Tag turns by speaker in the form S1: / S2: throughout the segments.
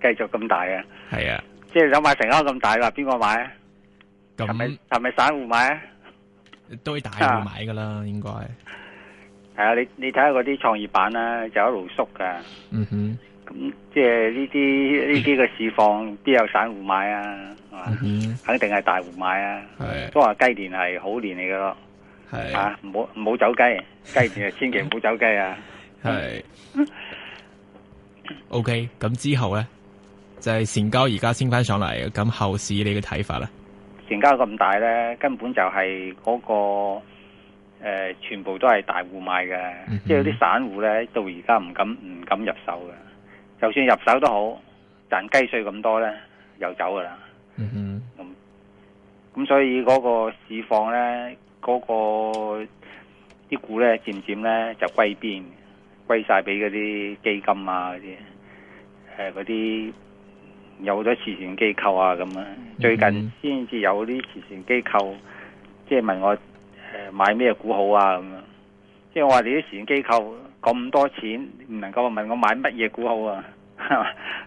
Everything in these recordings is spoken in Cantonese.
S1: 繼續咁大嘅，係啊，即係想買成屋咁大，話邊個買啊？
S2: 係咪
S1: 係咪散戶買啊？都大戶
S2: 買噶啦，應該
S1: 係啊。你你睇下嗰啲創業板啦，就一路縮噶。
S3: 嗯
S1: 哼，咁即係呢啲呢啲嘅市況，邊有散戶買啊？嗯哼，肯定係大戶買啊。係，都話雞年係好年嚟噶咯。係啊，唔好唔好走雞，雞年千祈唔好走雞啊。
S3: 係。O
S2: K，咁之後咧？就係成交而家升翻上嚟，咁後市你嘅睇法咧？
S1: 成交咁大咧，根本就係嗰、嗰個誒、呃，全部都係大戶買嘅，即係有啲散戶咧到而家唔敢唔敢入手嘅，就算入手都好，賺雞碎咁多咧又走噶啦。
S3: 嗯哼，咁
S1: 咁所以嗰個市況咧，嗰、嗰個啲股咧漸漸咧就歸邊歸晒俾嗰啲基金啊，啲誒嗰啲。呃有咗慈善機構啊咁啊，最近先至有啲慈善機構，即係問我，誒，買咩股好啊咁啊，即係我話你啲慈善機構咁多錢，唔能夠問我買乜嘢股好啊，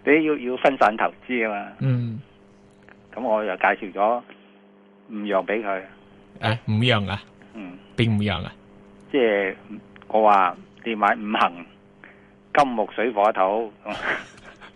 S1: 你要要分散投資啊嘛。嗯，咁我又介紹咗五樣俾佢。誒、啊，
S2: 五樣啊？嗯，邊五樣啊？
S1: 即係我話你買五行，金木水火土。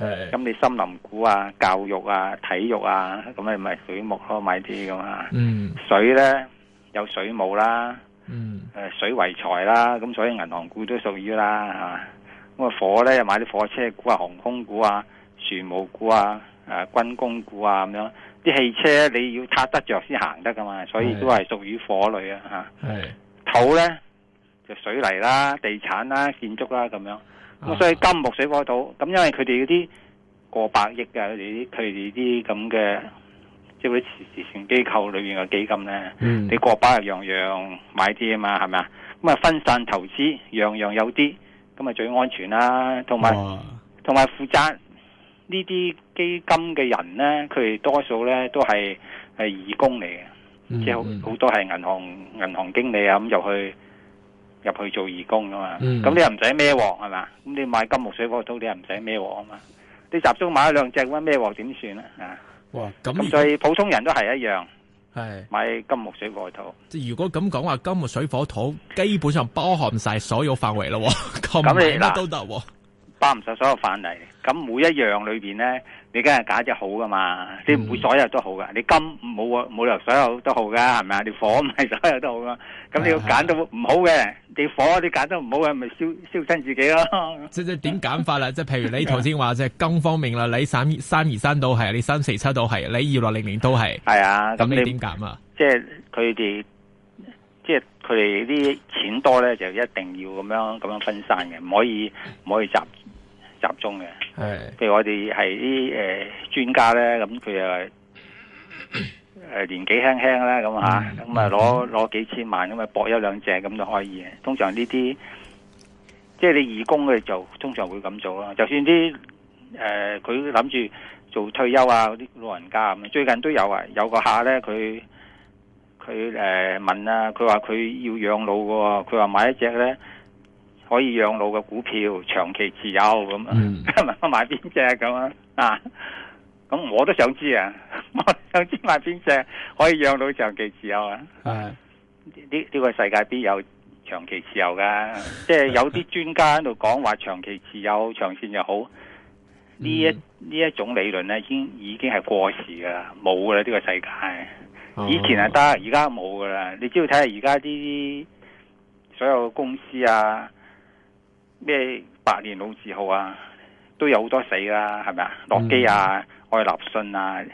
S1: 咁是你森林股啊、教育啊、體育啊，咁你咪水木咯，買啲咁啊。嗯、水咧，有水母啦，誒、嗯、水為財，啦，咁所以銀行股都屬於啦。咁啊火咧，又買啲火車股啊、航空股啊、船務股啊、誒、啊、軍工股啊咁樣。啲汽車你要撻得着先行得噶嘛，所以都係屬於火類啊。吓土咧，就水泥啦、地產啦、建築啦咁樣。啊、所以金木水火土咁，因為佢哋嗰啲過百億嘅，佢哋啲佢哋啲咁嘅，即係嗰啲慈善機構裏面嘅基金咧，嗯、你過百日樣樣買啲啊嘛，係咪啊？咁啊分散投資，樣樣有啲，咁啊最安全啦，同埋同埋負責呢啲基金嘅人咧，佢哋多數咧都係係義工嚟嘅，即係好多係銀行銀行經理啊咁就去。入去做義工噶嘛，咁你又唔使孭鑊係嘛？咁你買金木水火土，你又唔使孭鑊啊嘛？你集中買咗兩隻，咁孭鑊點算咧？啊！哇！咁所以普通人都係一樣，係買金木水火土。
S2: 即係如果咁講話，金木水火土基本上包含曬所有範圍
S3: 啦喎，咁乜都
S1: 得。包唔晒所有範例，咁每一樣裏邊咧，你梗係揀隻好噶嘛？你唔會所有都好噶，你金冇冇理由所有都好噶，係咪？你火唔係所有都好噶，咁你要揀到唔好嘅、哎呀，你火你揀到唔好嘅，咪燒燒親自己咯。
S2: 即即點揀法啦？即係 譬如你頭先話即係金方面啦，你三三二三到係，你三四七到係，你二六零零都係。係啊，咁你點揀啊？
S1: 即係佢哋，即係佢哋啲錢多咧，就一定要咁樣咁樣分散嘅，唔可以唔可以集。集中嘅，譬如我哋係啲誒專家咧，咁佢又誒年紀輕輕啦，咁嚇，咁、嗯、啊攞攞幾千萬咁啊搏一兩隻咁就可以。通常呢啲，即係你義工嘅就通常會咁做咯。就算啲誒佢諗住做退休啊嗰啲老人家咁，最近都有啊，有個客咧，佢佢誒問啊，佢話佢要養老嘅喎，佢話買一隻咧。可以養老嘅股票長期持有咁啊？嗯、買邊隻咁啊？啊？咁我都想知啊！我想知買邊隻可以養老長期持有啊？啊是的！呢、這、呢個世界邊有長期持有噶？ 即係有啲專家喺度講話長期持有長線又好，呢一呢、嗯、一種理論咧，已經已經係過時噶啦，冇噶啦呢個世界。以前係得，而家冇噶啦。你只要睇下而家啲所有公司啊。咩百年老字號啊，都有好多死啦，係咪啊？諾基亞、嗯、愛立信啊，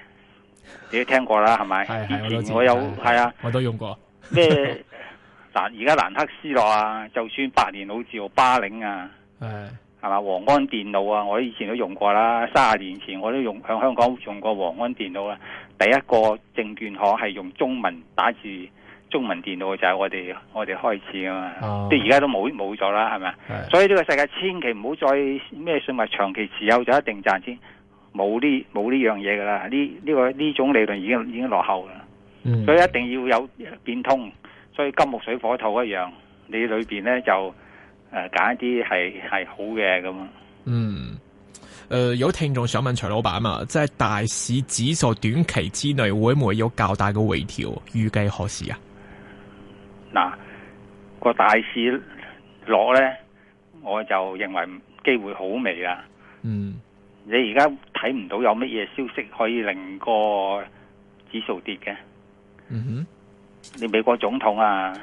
S1: 你都聽過啦，係咪？是的以前我有，係啊，我都用過。咩麼？嗱，而家蘭克斯諾啊，就算百年老字號巴領啊，係嘛的？王安電腦啊，我以前都用過啦。三十年前我都用喺香港用過王安電腦啊。第一個證券行係用中文打字。中文電腦就係我哋我哋開始噶嘛，即係而家都冇冇咗啦，係咪是？所以呢個世界千祈唔好再咩信物長期持有就一定賺錢，冇呢冇呢樣嘢噶啦，呢呢個呢種理論已經已經落後啦。嗯、所以一定要有變通，所以金木水火土一樣，你裏邊咧就誒揀、呃、一啲係係好嘅咁啊。樣嗯、
S2: 誒、呃、有聽眾想問徐老闆啊嘛，即係大市指數短期之內會唔會有較大嘅回調？預計何時啊？
S1: 嗱，啊個大市落呢，我就認為機會好微喇。
S3: 嗯，
S1: 你而家睇唔到有乜嘢消息可以令個指數跌嘅。嗯
S3: 哼，
S1: 你美國總統啊，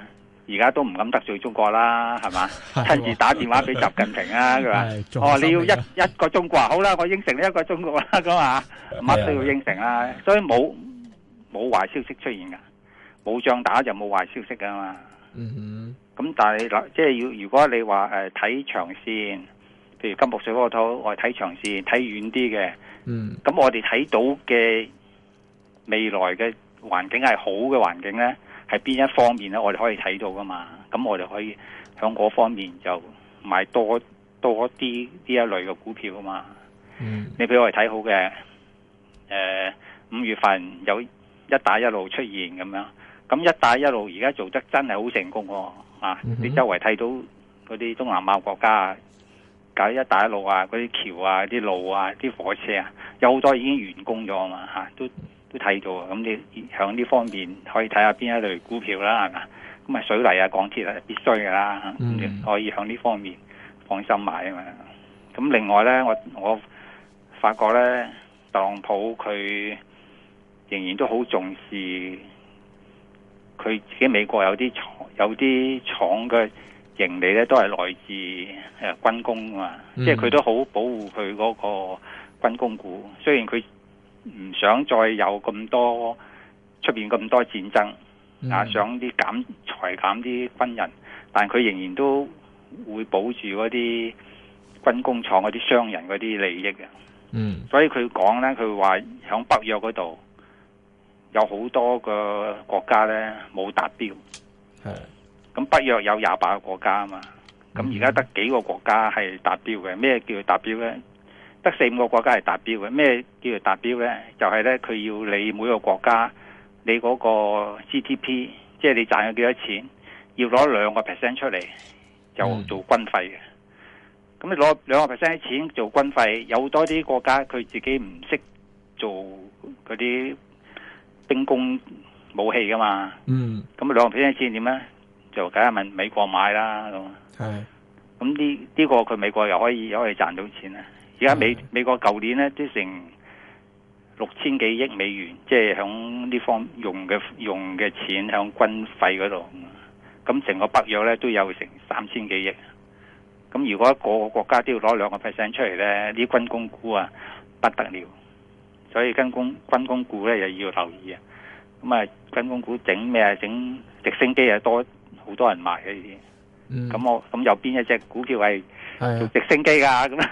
S1: 而家都唔敢得罪中國啦，係嘛？親自 打電話俾習近平啊，佢話哦，你要一 一個中國好啦，我應承你一個中國啦，咁 啊，乜都要應承啦，所以冇冇壞消息出現㗎。冇仗打就冇壞消息噶嘛，嗯哼、mm，咁、hmm. 但係嗱，即係要如果你話誒睇長線，譬如金木水火土，我哋睇長線睇遠啲嘅，嗯，咁、mm hmm. 我哋睇到嘅未來嘅環境係好嘅環境咧，係邊一方面咧？我哋可以睇到噶嘛，咁我哋可以喺嗰方面就買多多啲呢一類嘅股票啊嘛，嗯、
S3: mm，hmm.
S1: 你畀我哋睇好嘅，誒、呃、五月份有一帶一路出現咁樣。咁一帶一路而家做得真係好成功喎，啊！Mm hmm. 你周圍睇到嗰啲東南亞國家啊，搞一帶一路啊，嗰啲橋啊、啲路啊、啲火車啊，有好多已經完工咗啊嘛，吓都都睇到。咁你喺呢方面可以睇下邊一類股票啦，係嘛？咁啊，水泥啊、港鐵啊，必須㗎啦。Mm hmm. 你可以喺呢方面放心買啊嘛。咁另外呢，我我發覺呢，特朗普佢仍然都好重視。佢自己美國有啲廠，有啲廠嘅盈利咧，都係來自軍工啊嘛，嗯、即係佢都好保護佢嗰個軍工股。雖然佢唔想再有咁多出邊咁多戰爭，
S3: 嗯啊、想
S1: 啲減裁減啲軍人，但佢仍然都會保住嗰啲軍工廠嗰啲商人嗰啲利益嘅。嗯，所以佢講咧，佢話響北約嗰度，有好多嘅國家呢冇達標，咁北約有廿八個國家啊嘛，咁而家得幾個國家係達標嘅？咩叫達標呢？得四五個國家係達標嘅？咩叫達標呢？就係呢，佢要你每個國家，你嗰個 GDP 即係你賺咗幾多錢，要攞兩個 percent 出嚟，就做軍費嘅。咁、嗯、你攞兩個 percent 錢做軍費，有多啲國家佢自己唔識做嗰啲。兵工武器噶嘛，咁兩個 percent 錢點咧，就梗係問美國買啦咁。係是的，咁呢呢個佢美國又可以可以賺到錢咧。而家美是的 美國舊年咧都成六千幾億美元，即係響呢方用嘅用嘅錢響軍費嗰度。咁成個北約咧都有成三千幾億。咁如果個個國家都要攞兩個 percent 出嚟咧，啲軍工股啊不得了。所以跟工軍工股咧又要留意啊，咁啊軍工股整咩啊？整直升機啊，多好多人買嘅呢啲。咁、嗯、我咁有邊一隻股票係直升機噶？咁啊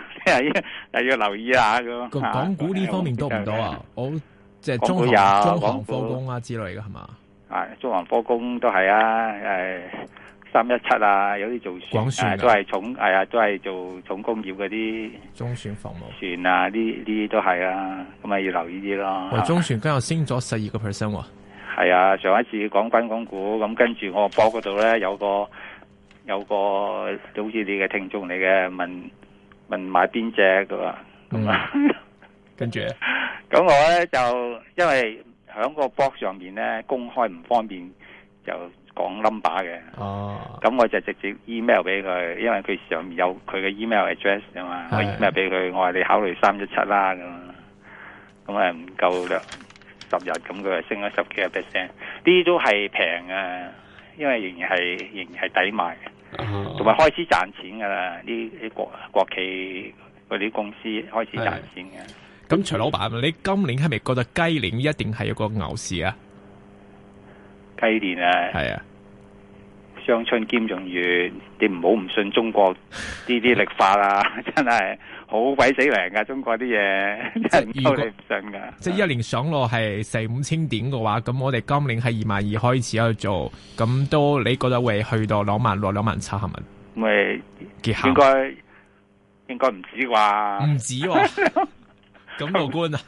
S1: 又要留意啊。咁。港股呢方面多唔
S2: 多啊？我即係中有、啊、中航科工
S1: 啊之類嘅係嘛？係、啊、中航科工都係啊，誒、哎。三一七啊，有啲做船，啊船啊都哎，都係重，係啊，都係做重工業嗰啲中船防務船啊，呢啲都係啊。咁啊要留意啲咯。哇、哦，中
S2: 船今日升咗十二個 percent 喎。
S1: 係、哦、啊，上一次講軍工股，咁跟住我博嗰度咧，有個有個好似你嘅聽眾你嘅，問問埋邊隻㗎嘛，嗯，跟住，咁我咧就因為響個博上面咧公開唔方便就。講 number
S3: 嘅，
S1: 咁、哦、我就直接 email 俾佢，因為佢上面有佢嘅 email address 啊嘛，的我 email 俾佢，我話你考慮三一七啦，咁，咁係唔夠啦，十日咁佢就升咗十幾個 percent，呢啲都係平㗎，因為仍然係仍然係抵賣同埋、哦、開始賺錢噶啦，呢啲國國企嗰啲公司開始賺錢嘅。
S2: 咁徐老闆，你今年係咪覺得雞年一定係有個牛市啊？
S1: 雞年啊，係啊，雙春兼閏月，你唔好唔信中國呢啲曆法啊， 真係好鬼死靈噶、啊，中國啲嘢，我哋唔信噶、啊。果對
S2: 即係一年上落係四五千點嘅話，咁我哋今年係二萬二開始去做，咁都你覺得會去到兩萬六、兩萬七係咪？
S1: 咪結合。應該應該唔止啩？唔止，咁樂觀啊？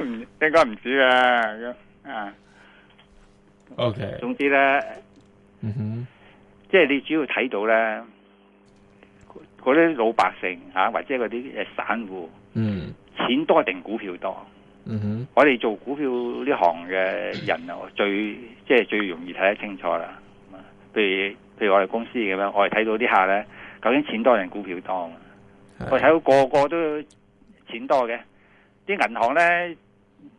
S1: 唔應該唔止啊？啊！O.K.，、mm hmm. 總之咧，嗯哼、mm，hmm. 即係你主要睇到咧，嗰啲老百姓吓、啊、或者嗰啲誒散戶，嗯、mm，hmm. 錢多定股票多，嗯哼、mm，hmm. 我哋做股票呢行嘅人啊，最即係最容易睇得清楚啦。譬如譬如我哋公司咁樣，我哋睇到啲客咧，究竟錢多定股票多啊？Mm hmm. 我睇到個個都錢多嘅，啲銀行咧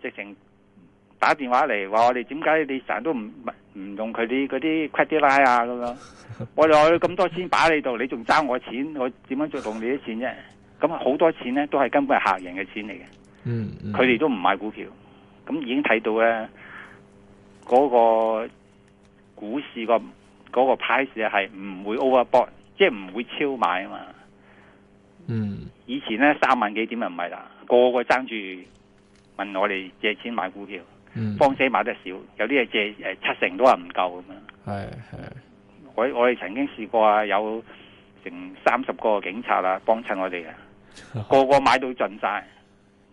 S1: 直情。打電話嚟話我哋，點解你成日都唔唔用佢啲嗰啲 credit line 啊？咁樣、嗰個，我攞咁多錢擺喺你度，你仲爭我錢，我點樣再用你啲錢啫？咁好多錢咧都係根本係客人嘅錢嚟嘅、嗯，嗯，佢哋都唔買股票，咁已經睇到咧嗰、嗰個股市、嗰個嗰個 price 係唔會 overbo 即係唔會超買啊嘛，嗯，以前咧三萬幾點啊唔係啦，個個爭住問我哋借錢買股票。放息、嗯、買得少，有啲借誒七成都係唔夠咁樣。係係，我我哋曾經試過啊，有成三十個警察啦幫襯我哋嘅，呵呵個個買到盡晒。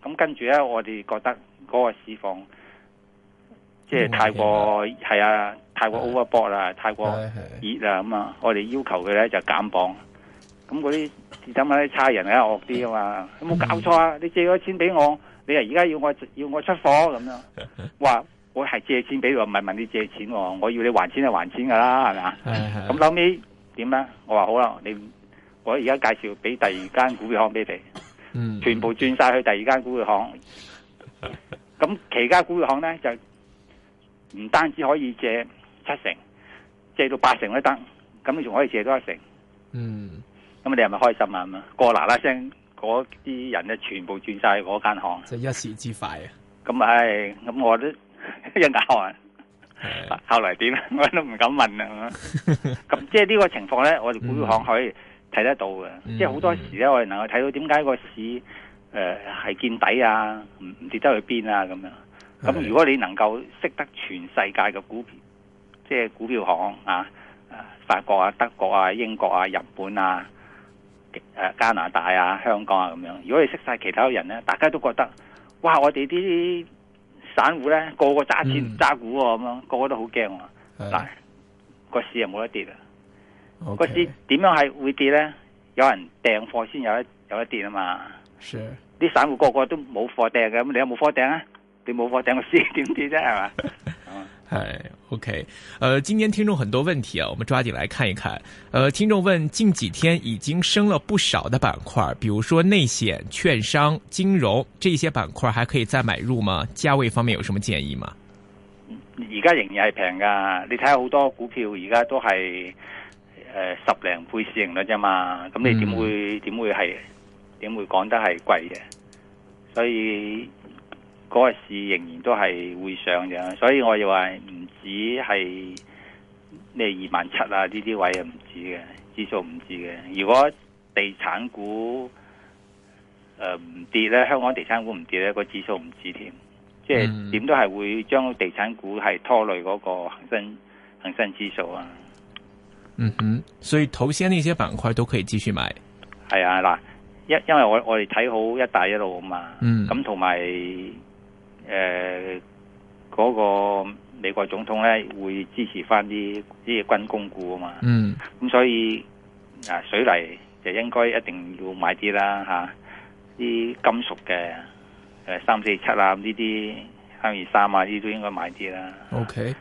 S1: 咁跟住咧，我哋覺得嗰個市況即係太過係啊，太過 overboard 啦，是太過熱啦咁啊。我哋要求佢咧就減磅。咁嗰啲點解啲差人啊惡啲啊嘛？嗯、有冇搞錯啊？你借咗錢俾我？你啊，而家要我要我出貨咁樣，我話我係借錢俾你，唔係問你借錢，哦，我要你還錢就還錢噶啦，係咪？咁是
S3: 是、嗯、後
S1: 尾點咧？我話好啦，你我而家介紹俾第二間股票行俾你，嗯、全部轉晒去第二間股票行。咁、嗯、其他股票行咧就唔單止可以借七成，借到八成都得，咁你仲可以借多一成。嗯，咁你係咪開心啊？過喇喇聲。嗰啲人咧，全部轉晒去嗰間行，即係一時之快啊！咁係，咁、哎、我都一 咬啊完！是後嚟點咧，我都唔敢問啦。咁 即係呢個情況咧，我哋股票行可以睇得到嘅，嗯、即係好多時咧，我哋能夠睇到點解個市誒係見底啊，唔唔跌得去邊啊咁樣。咁如果你能夠識得全世界嘅股票，即係股票行啊，法國啊、德國啊、英國啊、日本啊。誒，加拿大啊，香港啊，咁樣。如果你識晒其他人咧，大家都覺得，哇，我哋啲散戶咧個個揸錢揸股喎，咁樣、嗯、個個都好驚喎。
S3: 但係是，
S1: 個市又冇得跌啊。個 okay, 市點樣係會跌咧？有人掟貨先有得有得跌啊嘛。啲 Sure. 散戶個個都冇貨掟嘅，咁你有冇貨掟啊？你冇貨掟個市點跌啫係嘛？係 吧。
S2: OK，呃，今天聽眾很多問題啊，我們抓緊來看一看。呃，聽眾問：近幾天已經升了不少的板塊，比如說內險、券商、金融這些板塊，還可以再買入嗎？價位方面有什麼建議嗎？
S1: 而家仍然係平噶，你睇下好多股票，呃、而家都係誒十零倍市盈率啫嘛，咁你點會點、嗯、會係點會講得係貴嘅？所以。嗰個市仍然都係會上嘅，所以我以為唔止係咩二萬七啊，呢啲位啊，唔止嘅，指數唔止嘅。如果地產股誒唔、呃、跌咧，香港地產股唔跌咧，個指數唔止添，即係點都係會將地產股係拖累嗰個恒生恆生指數啊。嗯哼，
S2: 所以頭先呢些板塊都可以繼續
S1: 買。係啊，嗱，因因為我我哋睇好一帶一路啊嘛，嗯，咁同埋。誒，嗰、呃那個美國總統咧會支持翻啲啲軍工股啊嘛，
S3: 嗯，
S1: 咁所以啊水泥就應該一定要買啲啦吓，啲、啊、金屬嘅誒三四七啊呢啲三二三啊呢啲都應該買啲啦。
S3: OK。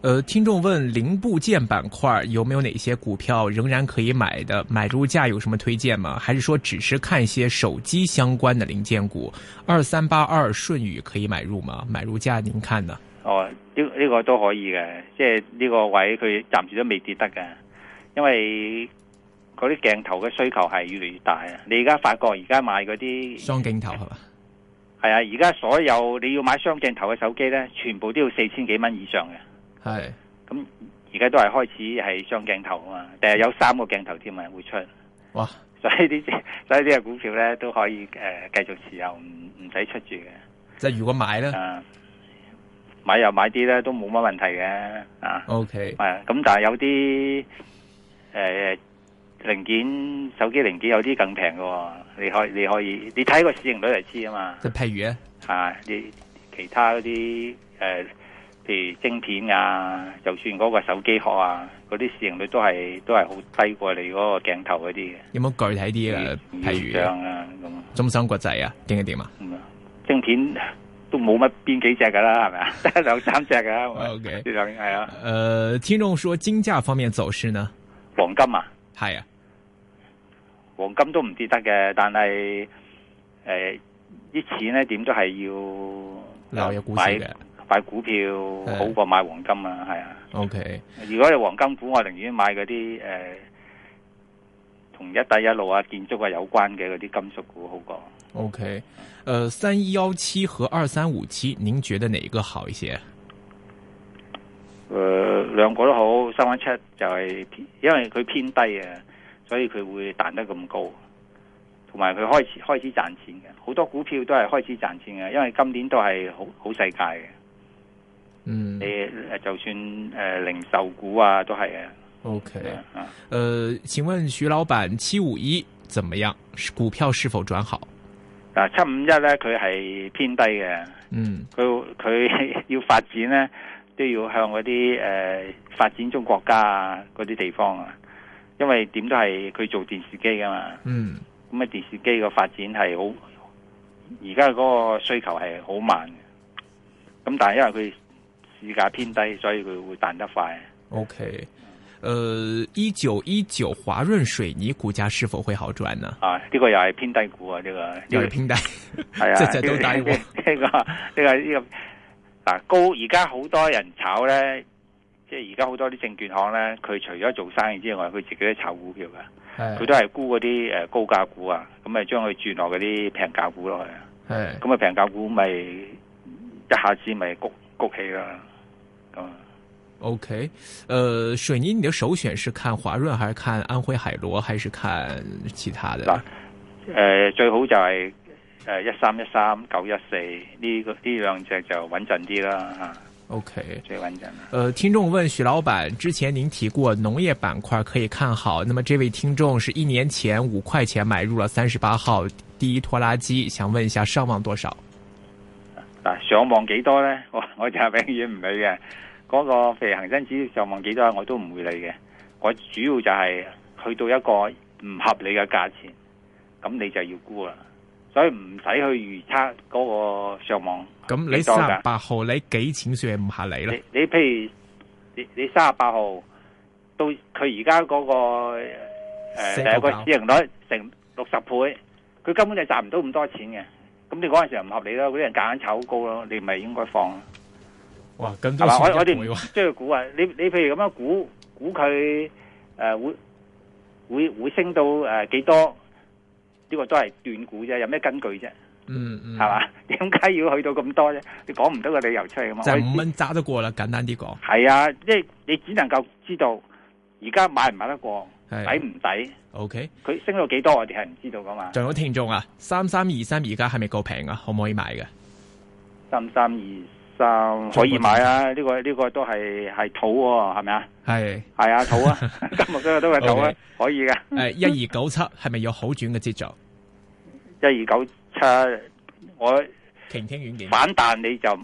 S3: 呃，
S2: 聽眾問零部件板塊有沒有哪些股票仍然可以買的？買入價有什麼推薦嗎？還是說只是看一些手機相關的零件股？二三八二舜宇可以買入嗎？買入價您看呢？
S1: 哦，呢呢個都可以嘅，即係呢個位佢暫時都未跌得嘅，因為嗰啲鏡頭嘅需求係越嚟越大啊。你而家發覺而家買嗰啲雙鏡頭係嘛？係啊是，而家所有你要買雙鏡頭嘅手機咧，全部都要四千幾蚊以上嘅。係，咁而家都係開始係雙鏡頭啊嘛，定係有三個鏡頭添啊，會出。哇！所以啲，所以啲股票咧都可以誒繼續持有，唔唔使出住嘅。
S2: 即係如果買咧、
S1: 啊，買又買啲咧都冇乜問題嘅啊。O K，係啊，咁但係有啲誒零件，手機零件有啲更平嘅，你可你可以，你睇個市盈率嚟知啊嘛。
S2: 即係譬如呢啊，
S1: 吓你其他嗰啲誒。呃如晶片啊，就算嗰個手機殼啊，嗰啲市盈率都係都係好低過你嗰個鏡頭嗰啲嘅。
S2: 有冇具體啲嘅？譬如啊，咁、呃，中芯國際啊，點啊點啊，聽聽啊、嗯？
S1: 晶片都冇乜邊幾隻噶啦，係咪？ Okay. 啊？得兩三隻噶。O K，係啊。誒，
S2: 聽眾說金價方面走勢呢？
S1: 黃金啊，係啊，黃金都唔知得嘅，但係誒啲錢咧點都係要
S3: 留喺股市買嘅。
S1: 買股票好過買黃金是啊，係啊。O K，如果你黃金股，我寧願買嗰啲誒，同一帶一路啊、建築啊有關嘅嗰啲金屬股好過。
S2: O K，誒，三幺七和二三五七，您覺得哪一個好一些？
S1: 誒、呃，兩個都好，三幺七就係、是、因為佢偏低啊，所以佢會彈得咁高。同埋佢開始開始賺錢嘅，好多股票都係開始賺錢嘅，因為今年都係好好世界嘅。嗯，誒就算誒零售股啊都係啊，OK 啊、uh, 嗯，
S2: 誒，請問徐老闆七五一怎麼樣？股票是否轉好？
S1: 嗱，七五一咧佢係偏低嘅，嗯，佢佢要發展咧都要向嗰啲誒發展中國家啊嗰啲地方啊，因為點都係佢做電視機噶嘛，嗯，咁啊電視機個發展係好，而家個需求係好慢，咁但係因為佢。市價偏低，所以佢會彈得快。
S2: OK，誒、呃，一九一九華潤水泥股價是否會好轉呢？
S1: 啊，呢、這個又係偏低股啊，呢、這個又係偏低，係、這個、啊，即係這這都低呢、這個呢、這個呢、這個嗱、啊，高而家好多人炒咧，即係而家好多啲證券行咧，佢除咗做生意之外，佢自己都炒股票嘅，佢、哎、呦都係沽嗰啲誒高價股啊，咁咪將佢轉落嗰啲平價股落去啊，咁啊、哎、呦平價股咪一下子咪谷谷起啦。
S2: o、okay, k、呃、水泥你的首選是看華潤，還是看安徽海螺，還是看其他的？
S1: 誒、呃，最好就係誒一三一三九一四呢個呢兩隻就穩陣啲啦吓。OK，最穩陣。
S2: 呃聽眾問徐老闆，之前您提過農業板塊可以看好，那麼這位聽眾是一年前五塊錢買入了三十八號第一拖拉機，想問一下上望多少？
S1: 上望幾多呢？我我就永遠唔理嘅。嗰個譬如恒指上網幾多，我都唔會理嘅。我主要就係去到一個唔合理嘅價錢，咁你就要沽啦。所以唔使去預測嗰個上網。咁你三十
S2: 八號你幾錢算係唔合理咧？你
S1: 譬如你三十八號到佢而家嗰個誒、呃、個,個市盈率成六十倍，佢根本就賺唔到咁多錢嘅。咁你嗰陣時唔合理啦，嗰啲人夾硬炒高咯，你咪應該放。
S2: 哇！咁多都唔會喎，
S1: 即係估啊！你你譬如咁樣估估佢誒、呃、會會會升到誒、呃、幾多？呢個都係斷估啫，有咩根據啫、嗯？嗯嗯，係嘛？點解要去到咁多啫？你講唔到個理由出嚟噶嘛？就五
S2: 蚊揸得過啦，我簡單啲講。係啊，
S1: 即係你只能夠知道而家買唔買得過，啊、抵唔抵？OK，佢升到幾多我哋係唔知道噶嘛？仲
S2: 有聽眾啊，三三二三而家係咪夠平啊？可唔可以買嘅？
S1: 三三二。就可以買啊！呢、這個呢、這個都係係土喎、哦，係咪啊？係係是啊，土啊，金木 都係都係土啊，Okay. 可以嘅。誒，一二
S2: 九七係咪有好轉嘅跡象？
S1: 一二九七，我聆聽軟件反彈你就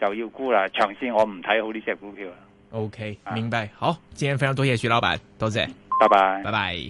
S1: 就要沽啦，長線我唔睇好呢隻股票
S2: okay, 啊。OK，明白。好，今日非常多謝徐老闆，多謝，拜拜，拜拜。